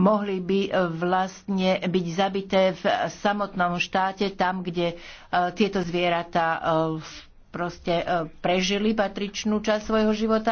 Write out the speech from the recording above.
mohli by eh, vlastne byť zabité v samotnom štáte, tam, kde eh, tieto zvieratá eh, proste prežili patričnú časť svojho života